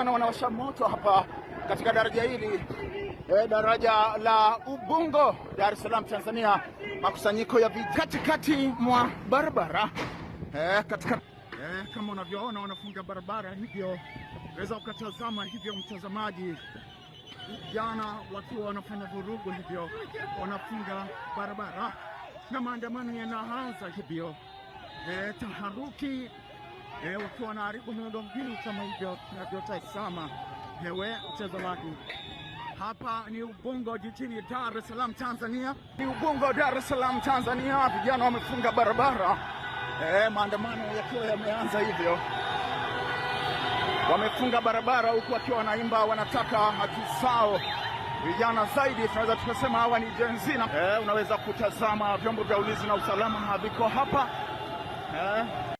vijana wanawasha moto hapa katika daraja hili e, daraja la Ubungo, Dar es Salaam, Tanzania. Makusanyiko ya vijana katikati mwa barabara e, katika e, kama unavyoona wanafunga barabara hivyo, unaweza ukatazama hivyo mtazamaji, vijana wakiwa wanafanya vurugu hivyo, wanafunga barabara na maandamano yanaanza hivyo, e, taharuki Eh, ukiwa na haribu miundombinu kama hivyo tunavyotazama hewe mtazamaji. Hapa ni Ubungo jijini Dar es Salaam Tanzania, ni Ubungo Dar es Salaam Tanzania. Vijana wamefunga barabara e, maandamano yakiwa yameanza hivyo, wamefunga barabara huku wakiwa wanaimba wanataka haki zao. Vijana zaidi tunaweza tukasema hawa ni Gen Z e, unaweza kutazama vyombo vya ulinzi na usalama haviko hapa e.